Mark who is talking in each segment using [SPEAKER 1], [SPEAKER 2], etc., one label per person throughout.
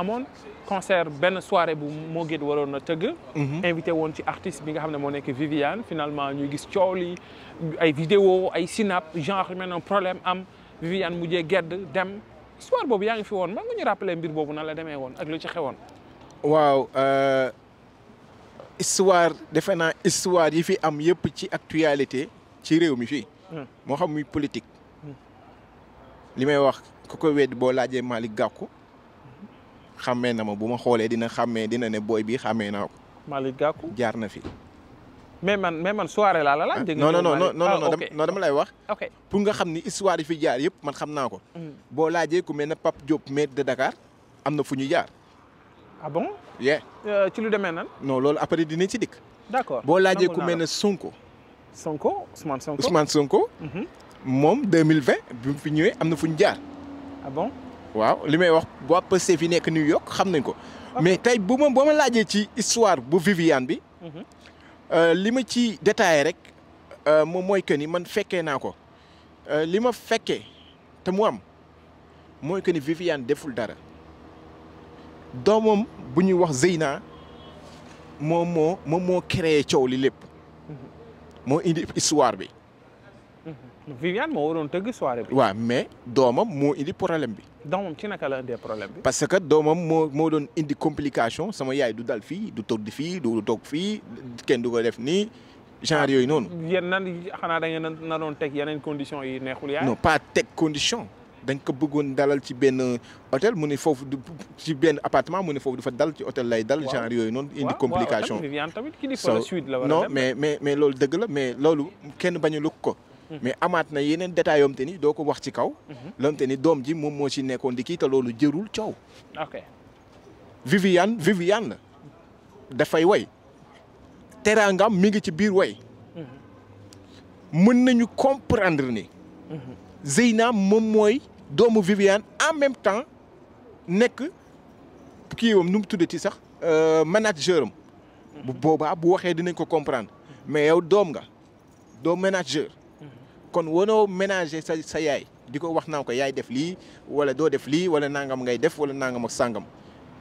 [SPEAKER 1] amoon concert benn soirée bu moo gét waroon na tëgg mhm. invité woon ci artiste bi nga xam ne moo nekk Viviane finalement ñuy gis coow li ay vidéo ay synap genre maintenant problème am Viviane mujjee gedd dem soir boobu yaa ngi fi woon man nga ñu rappeler mbir boobu nan la demee woon ak lu ci xewoon
[SPEAKER 2] waaw euh, histoire defe naa histoire yi fi am yëpp ci actualité ci réew mi fii hmm. moo xam muy politique hmm. li may wax ku ko wedd boo laajee Malick Gakou xàmmee na ma bu ma xoolee dina xàmmee dina ne booy bi xàmmee naa ko.
[SPEAKER 1] Malick Gakou jaar na fi. mais man mais man soirée laa la laaj. Ah, dégg non non non non non ah, non dama lay wax.
[SPEAKER 2] ok pour nga xam ni histoire yi fi jaar yëpp man xam naa ko. Mm. boo laajee ku mel ne Pape Diop maire da Dakar am na fu ñu jaar. ah bon. yeah
[SPEAKER 1] euh, ci lu demee nan. non loolu
[SPEAKER 2] après dinañ ci dikk.
[SPEAKER 1] d'accord boo laajee ku mel ne Sonko. sunko Ousmane Sonko Ousmane Sonko. Mhm.
[SPEAKER 2] moom 2020 bi mu fi am na fu ñu jaar. Ah waaw li may wax waa Pastef yi nekk New York xam nañ ko. mais tey bu ma ba ma laajee ci histoire bu Viviane bi. Mhm. Euh, li ma ci détaillé rek euh, moom mooy que ni man fekkee naa ko euh, li ma fekkee te mu am mooy que ni Viviane deful dara doomam bu ñuy wax Zeyna moom moo moom moo créé coow li lépp mhm. moo indi histoire bi. Mhm. Viviane moo waroon tëgg soirée bi. mais doomam moo indi problème bi.
[SPEAKER 1] doomam ci naka la indee problème
[SPEAKER 2] bi. parce que doomam moo moo doon indi complication sama yaay du dal fii du toog di fii du toog fii kenn du ko def nii genre yooyu noonu.
[SPEAKER 1] yéen xanaa da ngeen na doon teg yeneen conditions yi neexul yaay. non
[SPEAKER 2] pas teg condition. dañ ko bëggoon dalal ci benn hôtel mu ne foofu du ci benn appartement mu ne foofu fa dal ci hôtel lay dal. genre yooyu noonu indi complication. waaw
[SPEAKER 1] a dem non mais
[SPEAKER 2] mais mais loolu dëgg la mais loolu kenn bañu lukk ko. mais amaat na yeneen détails yom te ni doo ko wax ci kaw. Mhm. lom te ni doom ji moom moo ci nekkoon di kii te loolu jërul coow. ok Viviane la dafay way teraangam mi ngi ci biir way. Mhm. mën nañu comprendre ni. Mhm. Zeyna moom mooy doomu Viviane en même temps nekk kii wam nu mu tuddati sax euh, manager am. bu boobaa bu waxee dinañ ko comprendre mais yow doom nga doo manager. kon waroo ménager sa sa yaay di ko wax naa ko yaay def lii wala doo def lii wala nangam ngay def wala nangam ak sàngam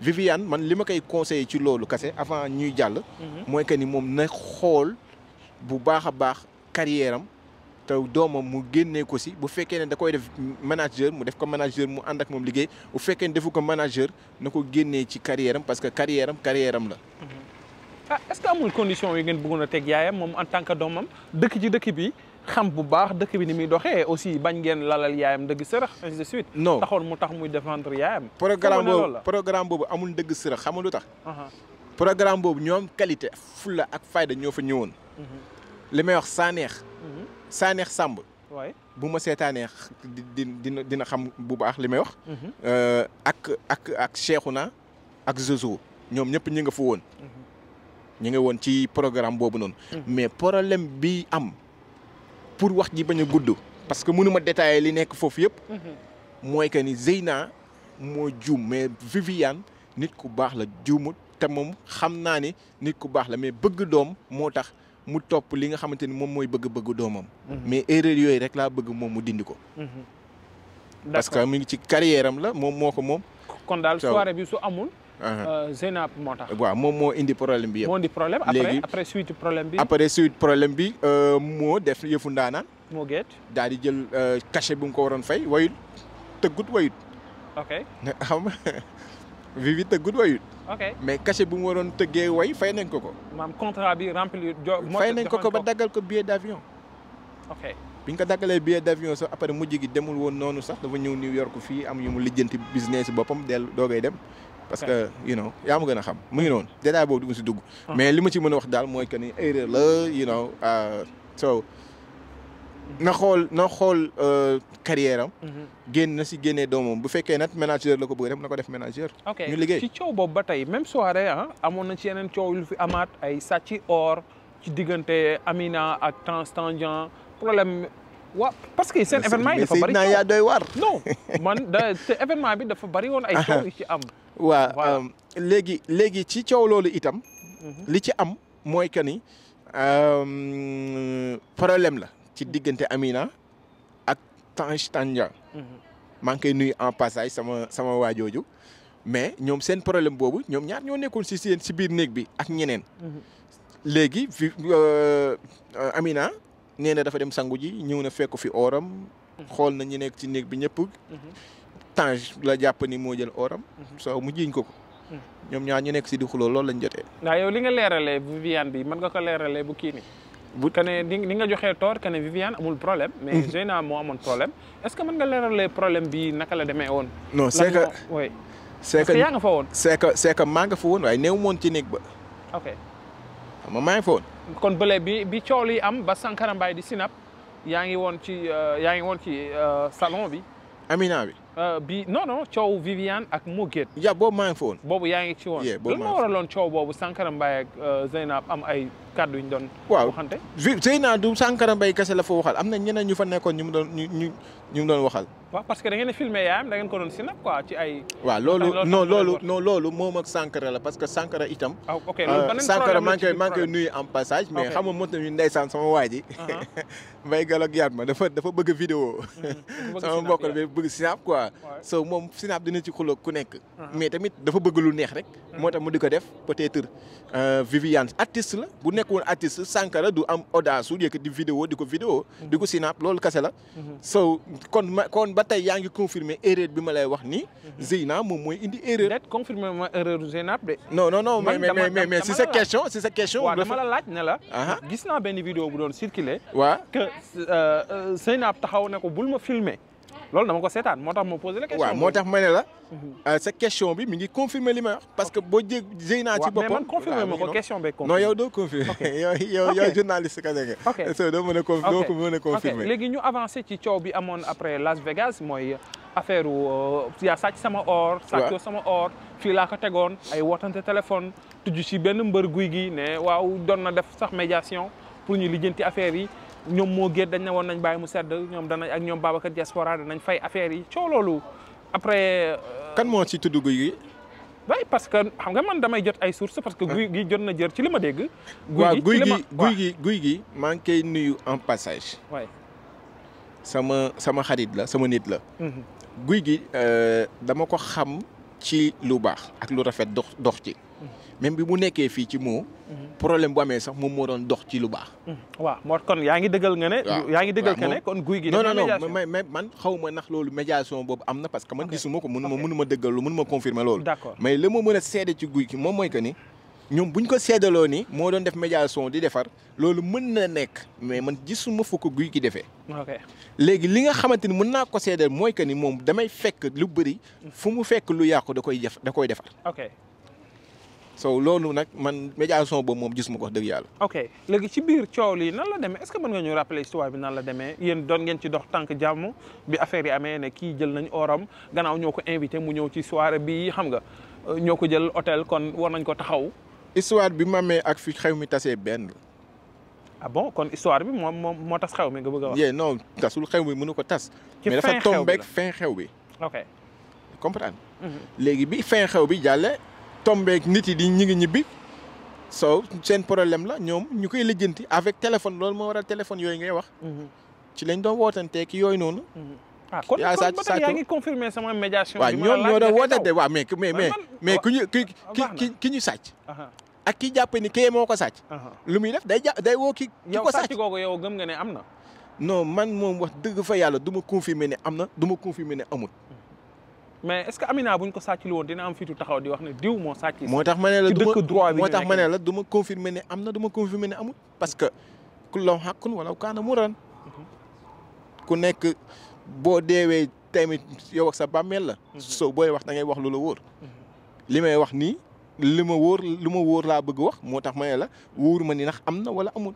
[SPEAKER 2] Viviane man li ma koy conseiller ci loolu kese avant ñuy jàll. Mhm. mooy que ni moom na xool bu baax a baax carrière am te doomam mu génnee ko si bu fekkee ne da koy def manager mu def ko manager mu ànd ak moom liggéey bu fekkee ne defu ko manager na ko génnee ci carrière parce que carrière am la. Mhm.
[SPEAKER 1] ah est-ce que amul condition yi ngeen bëggoon a teg yaayam moom en tant que doomam dëkk ci dëkk bi. xam bu baax dëkk bi ni muy doxee aussi bañ ngeen lalal yaayam dëgg sërëx ainsi de suite. non taxoon mu tax muy défendre yaayam. programme boobu programme boobu amul dëgg sërëx xamul lu tax. Uh-huh. programme boobu ñoom qualité
[SPEAKER 2] fulla ak fayda ñoo fa ñëwoon. Uh-huh. li saaneex. saaneex sàmb. waay bu ma seetaanee di dina dina xam bu baax li may wax. Uh-huh. Euh, ak ak ak Cheikhouna ak Zozo ñoom ñëpp ñi nga woon. ñi woon ci programme boobu noonu. mais problème bi am. pour wax ji bañ a gudd parce que mënuma détailler li nekk foofu yëpp mhm. mooy que ni Zeyna moo juum mais Viviane nit ku baax la juumut te moom xam naa ni nit ku baax la mais bëgg doom moo tax mu topp li nga xamante ni moom mooy bëgg-bëgg doomam mhm. mais erreur yooyu rek laa bëgg moom mu dindi ko mhm. parce que mu ngi ci carrière la moom moo ko moom kon daal soirée bi su amul Uh-huh.
[SPEAKER 1] Euh, Zeynab moo tax.
[SPEAKER 2] waaw moom moo indi problème bi yëpp. moo problème après après
[SPEAKER 1] suite problème bi. après
[SPEAKER 2] suite problème bi euh, moo def yëfu daa moo géet daal di jël euh, cachet bu mu ko waroon fay wayut tëggut wayut. ok xam vi vi tëggut wayut. ok mais cachet bi mu waroon tëggee way fay nañ ko ko.
[SPEAKER 1] maam contrat bi rempli fay nañ ko ko ba daggal ko billet d' avion. ok
[SPEAKER 2] bi ñu ko daggalee billet d' avion après mu gi demul woon noonu sax dafa ñëw New York fii am yu mu lijjanti business boppam dellu koy dem. parce que yaa ma gën a xam mu ngi noonu détail boobu du ma si dugg. Ah. mais li ma ci mën a wax daal mooy que ni erreur la you know euh, na xool na xool euh, carrière am. Mhm. génn na si génnee doomam bu fekkee nag manager la ko bëgg def na ko
[SPEAKER 1] def manager. ñu liggéey ci coow boobu ba tey même soirée ah amoon na ci yeneen coow lu fi amaat ay sàcci or ci diggante Amina ak Tange Tandian problème. waaw parce que seen événement yi dafa bari. bi dafa bari woon ay coow yi ci
[SPEAKER 2] am. waaw euh, léegi léegi ci coow loolu itam. Mhm. li ci am mooy que ni euh, problème la ci diggante Amina ak Tange Tandian. Mhm. maa ngi koy en passage sama sama waajooju mais ñoom seen problème boobu ñoom ñaar ñoo nekkoon si seen si biir néeg bi ak ñeneen. Mhm. léegi fi euh, Amina nee na dafa dem sangu ji ñëw na fekku fi ooram. xool na ñu nekk ci néeg bi ñëpp. tange la jàpp ni moo jël oram. Mhm. soow mu jiiñ ko ko. Mhm. ñoom ñaar ñu nekk si di xuloo loolu lañ jotee.
[SPEAKER 1] waaw yow li nga leeralee Viviane bi mën nga ko leeralee bu kii ni nga joxee tort que Viviane amul problème. mais mhm. Zeyna moo amoon problème est
[SPEAKER 2] est est yaa nga fa woon. c' est que fa woon waaye néew moon ci néeg ba.
[SPEAKER 1] ok xam nga maa ngi fa woon. kon bële bi bi am ba Sankara di Sinap yaa ngi woon ci euh, euh, salon bi. Amina bi. Uh, bi non non coow Viviane ak Moget. ya boobu maa ngi boobu yaa ngi ci woon. lan moo waraloon coow boobu Sankara Mbaye ak uh, Zeynab am ay kàddu yu ñu doon. waxante
[SPEAKER 2] waaw Zeynab du Sankara Mbaye kese la fa waxal am na ñeneen ñu fa nekkoon ñu mu doon ñu ñu mu doon waxal.
[SPEAKER 1] waaw parce que da ngeen a filmé yaayam da ko doon sinap quoi ci ay.
[SPEAKER 2] waaw loolu non loolu moom ak Sankara la parce que Sankara itam. ah ok euh, loolu beneen Sankara maa ngi nuyu en passage. mais xam nga mot nañu ndeysaan sama waa ji. Ah. mbay galak yaat ma dafa bëgg vidéo mm, sama mbokk la quoi. so moom sinap dina ci xuloo ku nekk. Ah. mais tamit dafa bëgg lu neex rek. Mm. moo tax mu di ko def peut-être euh, Viviane artiste la bu nekkoon artiste Sankara du am audace su di vidéo di ko vidéo. Mm. di ko sinap loolu kese la. Mm-hmm. so kon ba tey yaa ngi confirmer erreur bi ma lay wax ni mhm. Zeyna moom mooy
[SPEAKER 1] indi erreur. déet confirmer ma erreur Zeyna de. non non non mais mais si sa question si sa question. waaw dama la laaj ne la. gis naa benn vidéo bu doon circuler. waa que euh, euh, taxaw ne ko bul ma filmer. loolu dama ko seetaan moo tax ma posé la question. waaw moo tax
[SPEAKER 2] ma ne la. Mhm. Euh, sa question bi mi ngi confirmer li ma parce que boo jé jëy naa ci boppam. waaw mais man confirmer ma ko question beeg. non yow doo confirmer. ok yow yow journaliste ka nekk. ok soo doo mën a
[SPEAKER 1] léegi ñu avancé ci coow bi amoon après Las Vegas mooy affaire euh, yaa sàcc sama or. waaw sàcc sama or fii laa ko tegoon ay wotante téléphone. tudd ci benn mbër guy gi ne waaw doon na def sax médiation pour ñu lijjanti affaire yi. ñoom moo géet dañ ne woon nañ bàyyi mu sedd ñoom danañ ak ñoom Babacar diaspora danañ fay affaire yi coow loolu après. Euh, kan moo ci tudd guy gi. oui parce que xam nga man damay jot ay source parce que guy gi jot na jër ci li ma dégg. guy gi
[SPEAKER 2] guy gi guy gi maa ngi koy nuyu en passage. waay sama sama xarit la sama nit la. Mhm. guy gi euh, dama ko xam ci lu baax ak lu rafet dox dox ci. Mhm. même bi mu nekkee fii ci moo mhm. problème bu
[SPEAKER 1] amee sax moom moo doon dox ci lu baax. Hmm. waaw moo kon yaa ngi dëggal nga ne. yaa ngi dëggal nga ne kon guy gi. non non non
[SPEAKER 2] mais mais man xaw ma ndax loolu médiation boobu am na parce que man gisuma ko mënuma mënuma dëggal lu mënuma confirmer loolu. d'accord mais li ma mën a seede ci guy gi moom mooy que ni. ñoom bu ñu ko seedaloo ni moo doon def médiation di defar loolu mën na nekk mais man gisuma fu guy gi defee. ok léegi li nga xamante ni mën naa ko seedal mooy que ni moom damay fekk lu bëri hmm. fu mu fekk lu yàqu da koy def da koy defar. ok so loolu nag man médiation boobu moom gis ma ko dëgg yàlla.
[SPEAKER 1] ok léegi ci biir coow lii nan la demee est-ce que mën nga ñu rappeler histoire bi nan la demee yéen doon ngeen ci dox tànk jàmm bi affaire yi amee ne kii jël nañ oram gannaaw ñoo ko invité mu ñëw ci soirée bi xam nga euh, ñoo ko jël hôtel kon war nañ ko taxaw. histoire bi ma amee ak fi xew mi tasee benn. ah bon kon histoire bi moom moom moo tas xew mi nga bëgg a wax. yee non tasul xew mi mënu ko tas. mais dafa tombeek fin xew bi. Mhm.
[SPEAKER 2] bi fin xew bi jàlle tombeek nit yi di ñu ngi ñibbi soo seen problème la ñoom ñu koy lijjanti avec téléphone loolu moo waral téléphone yooyu ngay wax. Mhm. ci lañ doon wootantee ki yooyu noonu. Mhm. ah kon kon yaa ngi
[SPEAKER 1] confirmé sama médiation. waaw ñoom ñoo doon wootante
[SPEAKER 2] waaw mais mais ah, mais ku ñu ki ah, ki ki ñu sàcc. ak ki jàpp ni kii moo ko sàcc. lu muy def day day woo ki. ki ko sàcc yow sàcc googu yow gëm nga ne am na. non man moom wax dëgg fa yàlla duma ma confirmé ne am na du ma confirmé ne amul.
[SPEAKER 1] mais est-ce que Amina bu ñu ko sàccul woon dina am fitu taxaw di wax ne diw moo sàcc. moo tax ma ne la du ma droit moo tax ma ne la du ma confirmer ne am na du ma confirmer ne parce que ku law xàqun wala kaana mu ran mhm.
[SPEAKER 2] ku nekk boo deewee tamit yow ak sa bàmmeel la. Mhm. so booy wax da ngay wax lu la wóor. Mhm. li may wax nii li ma wóor lu ma wóor laa bëgg wax moo tax ma ne la wóor ma ni nax am na wala amul.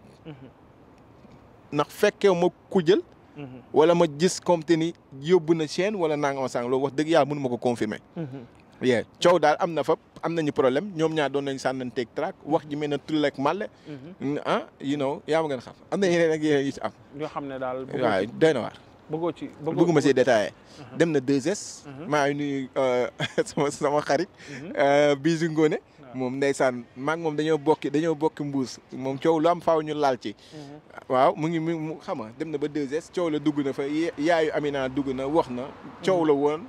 [SPEAKER 2] ndax fekkee ma ku jël. Mm-hmm. wala ma gis comme ni yóbbu na chaîne wala nangam sang loolu wax dëgg yàlla mënu ma ko confirmer. Mm-hmm. yee coow daal am na fa am nañu problème ñoom ñaar doon nañu sànnanteeg track wax ji mel ne tull ak màlle. Mm-hmm. ah you know yaa ma gën xam am na yeneen ak yeneen yu ci am. yoo xam ne daal waaw doy na waar. bëggoo dem na 2 maa ngi nuyu euh, sama sama xarit. Euh, Bijou Ngoné. moom ndeysaan maag moom dañoo bokki dañoo bokki mbuus moom coow la am faw ñu laal ci mhm. waaw mu ngi mu xam nga dem na ba 2S coow la dugg na fa yaayu Amina dugg na wax na coow mhm. la woon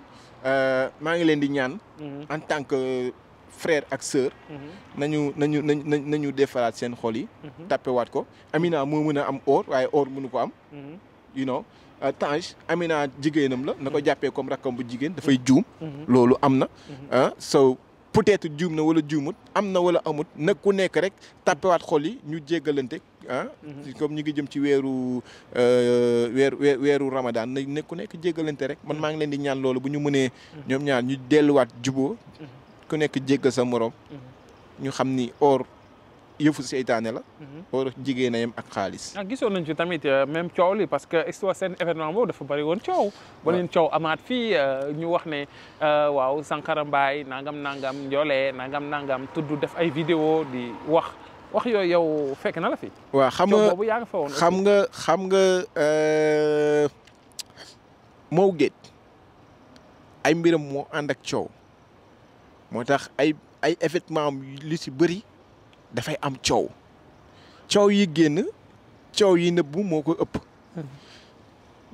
[SPEAKER 2] euh, maa ngi leen di ñaan mhm. en tant que frère ak sœur nañu nañu nañ nañu defaraat seen xol yi tappewaat ko Amina moo mën a am or waaye or mënu ko am you know euh, Tange Amina jigéenam la na ko jàppee comme rakkam bu jigéen dafay juum loolu am na ah, so peut-être juum na wala juumut am na wala amut nag ku nekk rek tàppewaat xol yi ñu jéggalante ah. Mhm. comme ñu ngi jëm ci weeru euh, weeru weeru Ramadan na ku nekk jéggalante rek man mhm. maa ngi leen di ñaan loolu bu ñu mënee. Mhm. ñoom ñaar ñu delluwaat juboo ku nekk jéggal sa morom. ñu xam ni or. yëfu seytaane la. Mhm. war jigéen a yem ak xaalis.
[SPEAKER 1] ah gisoon nañ ci tamit euh, même coow li parce que histoire seen événement boobu dafa bëri woon coow. ba leen coow amaat fii euh, ñu wax ne euh, waaw Sankara Mbaye nangam nangam njoolee nangam nangam tudd def ay vidéo di wax wax yooyu yow fekk na la fi. xam nga boobu yaa nga xam
[SPEAKER 2] nga xam nga moo ay mbiram moo ànd coow moo tax ay ay événement am li si bëri. dafay am coow coow yi génn coow yi nëbbu moo ko ëpp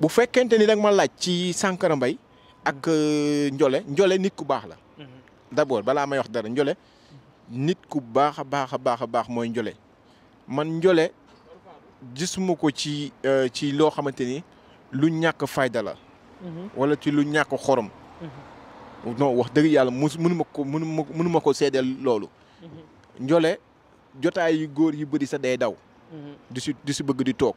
[SPEAKER 2] bu fekkente ni danga ma laaj ci Sankara Mbaye ak euh, njole Ndiolé nit ku baax la mhm. d'abord balaa may wax dara njole nit ku baax a baax a baax a baax mooy njole man njole gisuma ko ci euh, ci loo xamante ni lu ñàkk fayda la mhm. wala ci lu ñàkk xorom
[SPEAKER 1] mhm.
[SPEAKER 2] non wax dëgg yàlla mu mënuma ko mënuma mënuma ko seedeel loolu Ndiolé jotaay yu góor yi bëri sa day daw. Mhm. du si du si bëgg di toog.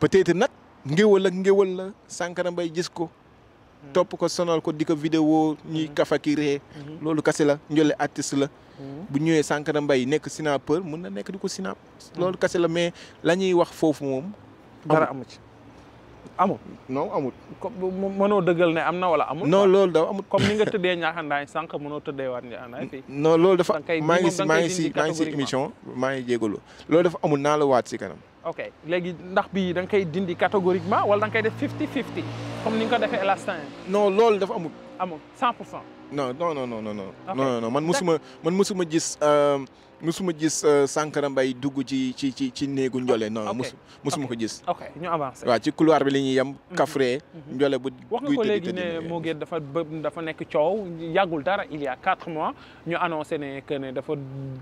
[SPEAKER 2] peut-être nag ngéwal ak ngéwal la Sankara Mbaye gis ko. Mhm. topp ko sonal ko di ko vidéo ñuy mhm. kafa ki ree loolu kase la njole artiste la. bu ñëwee Sankara Mbaye nekk sinapeur mun na nekk di ko sinap. loolu kase la mais la ñuy wax foofu moom. dara amu ci. amul
[SPEAKER 1] non amul. comme mënoo dëggal ne am na wala amul. non loolu dafa amul. comme ni nga tëddee ñaaxandaay sànq mënoo tëddee waat ñaaxandaay fii. non loolu dafa maa ngi si maa ngi si maa ngi émission
[SPEAKER 2] maa ngi jégalu loolu dafa amul naa la waat si kanam.
[SPEAKER 1] ok léegi ndax bi da nga koy dindi catégoriquement wala da nga koy def fifty fifty. comme ni nga ko defee Elastin. non loolu dafa amul. amul 100 pour cent.
[SPEAKER 2] non no non non man musuma man musuma gis euh, musuma gis euh, Sankara Mbaye dugg ci ci ci ci néegu Ndiolé. non musu musuma ko gis. ok ñu avancé. waaw ci couloir bi la ñuy yem. Mhm. Kaffré mhm. Ndiolé bu.
[SPEAKER 1] wax nga ko ne moo gën dafa dafa nekk coow yàggul dara il y quatre mois ñu annoncé ne que ne dafa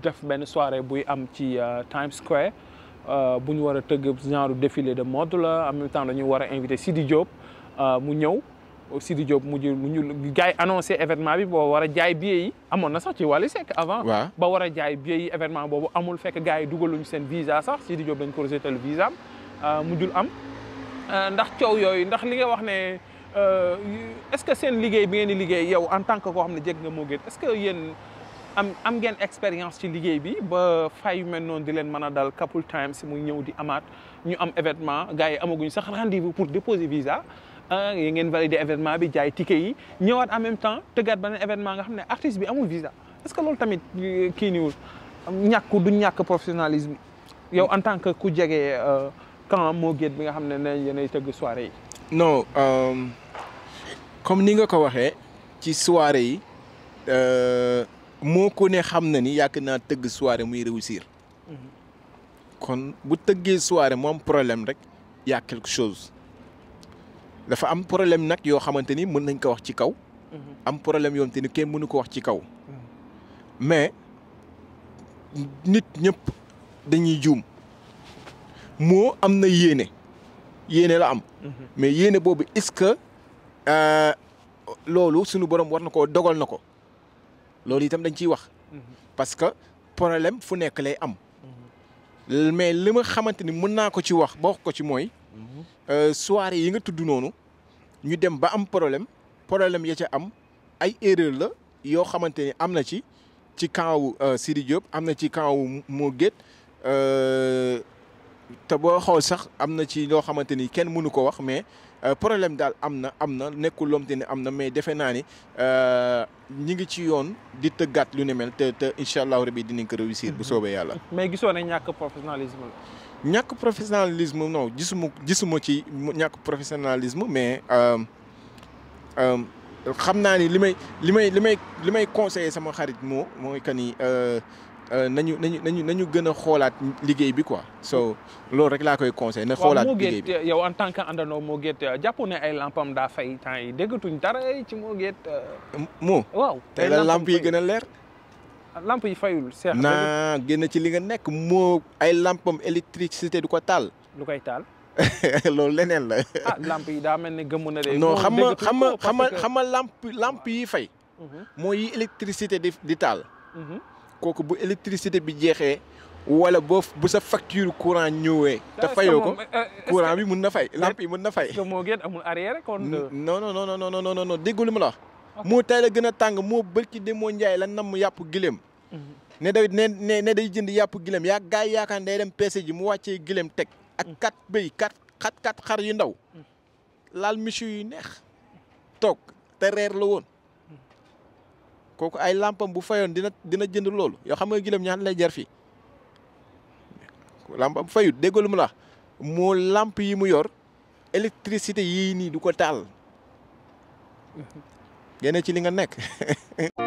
[SPEAKER 1] def benn soirée buy am ci euh, Times Square bu ñu war a tëgg genre défilé de mode la en même temps dañuy war a invité di Diop. Euh, mu ñëw Sidi Diop mu ñu mu ñu gars yi annoncé événement bi boo war a jaay billet amoon na sax ci Wally Seck avant. ba war a jaay billet yi événement boobu amul fekk gars yi dugaluñ seen visa sax Sidi Diop dañ ko rejeté le visa am euh, mujjul euh, ndax coow yooyu ndax li nga wax ne. est-ce que seen liggéey bi ngeen di liggéey yow en tant que koo xam ne jég nga moo gën est que yen am am ngeen expérience ci liggéey bi ba fay yu mel noonu di leen mën a dal couple si mu ñëw di amaat ñu am événement gars yi amaguñ sax rendez-vous pour déposer visa ah euh, yi ngeen valider événement bi jaay ticket yi ñëwaat en même temps tëggaat beneen événement nga xam ne artiste bi amul visa est-ce que loolu tamit euh, kii niwul ñàkk du ñàkk professionnalisme yow en tant que ku jege euh, camp moo géet bi nga xam ne ne yéenay tëgg soirée yi
[SPEAKER 2] non ni nga ko waxee ci soirée yi moo ko ne xam na ni yàgg naa tëgg soirée muy réussir mhm. kon bu tëggee soirée moom problème rek y'a quelque chose dafa am problème nag yoo xamante ni mën nañ ko wax ci kaw. Mhm. am problème yoo te ni kenn mënu ko wax ci kaw. Mhm. mais nit ñëpp dañuy juum moo am na yéene yéene la am. Mhm. mais yéene boobu est-ce que euh, loolu sunu borom war na ko dogal na ko loolu itam dañ ciy wax. parce que poroblème fu nekk lay am. mais li ma xamante ni mën naa ko ci wax ba wax ko ci mooy. Euh, soirée yi nga tudd noonu ñu dem ba am problème problème ya ca am ay erreur la yoo xamante ni am na ci ci camp wu euh, am na ci camp mu gét Gates euh, te boo xool sax am na ci loo xamante ni kenn mënu ko wax mais problème daal am na am na nekkul lomte ni am na mais defe naa ni ñi ngi ci yoon di tëggaat lu ne mel te te incha allahu rabi dinañ ko réussir. bu soobee yàlla.
[SPEAKER 1] mais gisoo ne ñàkk professionnalisme la.
[SPEAKER 2] ñàkk professionnalisme non gisuma gisuma ci ñàkk professionnalisme mais euh, euh, xam naa ni li may li may li may li may conseiller sama xarit moo mooy que ni euh, nañu nañu nañu nañu gën a xoolaat liggéey bi quoi so loolu rek laa koy conseil na xoolaat liggéey bi
[SPEAKER 1] yow en tant que àndandoo moo géet jàpp ne ay lampam daa fay temps yi déggatuñ dara ci moo géet moo waaw tey la lamp yi gën a leer làmp yi fayul. seex naa
[SPEAKER 2] génn ci li nga nekk moo ay lampam électricité du ko taal. lu koy taal. loolu leneen la. ah lamp yi
[SPEAKER 1] daa mel ne gëmm na
[SPEAKER 2] de. non xam xam nga xam nga lamp lamp yi fay. Mhm. moo yi électricité di taal. Mhm. kooku bu électricité bi jeexee. wala boo bu sa facture courant ñëwee. te fayoo ko euh, euh, courant bi mun na fay lamp yi mun na fay. moo gën amul arrière kon. non ma la moo tay la gën a tàng moo bëri ci demoo la nam yàpp gileem. Mm-hmm. ne day ne ne day jënd yàpp gileem yaa gaa yi yaakaar day dem peese ji mu wàccee gilem teg. Mm-hmm. ak kat bëy kat kat xar yu ndaw. Mm-hmm. laal michu yu neex. toog te reer la woon. kooku ay làmpam bu fayoon dina dina jënd loolu yoo xam nga gilem ñaata lay jar fii. lampam fayut déggalu mu la yi mu yor électricité yi nii du ko taal. génne ci li nga nekk.